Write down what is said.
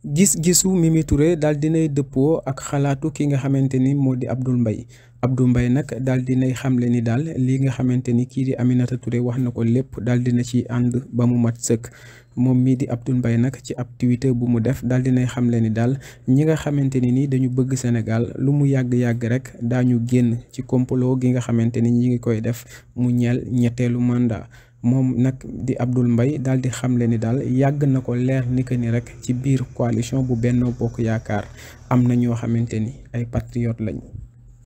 gis-gisu Mimi Touré daal dinay dëppoo ak xalaatu ki nga xamante ni moo di abdul mbay Abdou mbay nag daal dinay xamle ni daal lii nga xamante ni kii di Aminata Touré wax na ko lépp daal dina ci ànd ba mu mat sëkk moom mii di Abdoul Mbaye nag ci ab bu mu def daal dinay xamle ni daal ñi nga xamante ni ni dañu bëgg Sénégal lu mu yàgg-yàgg rek daañu génn ci complot gi nga xamante ni ñi ngi koy def mu ñeel ñetteelu mandat moom nag di abdul mbay daal di xamle ni daal yàgg na ko leer ni que ni rek ci biir coalition bu benn Bokk Yaakaar am na ñoo xamante ni ay patriote lañ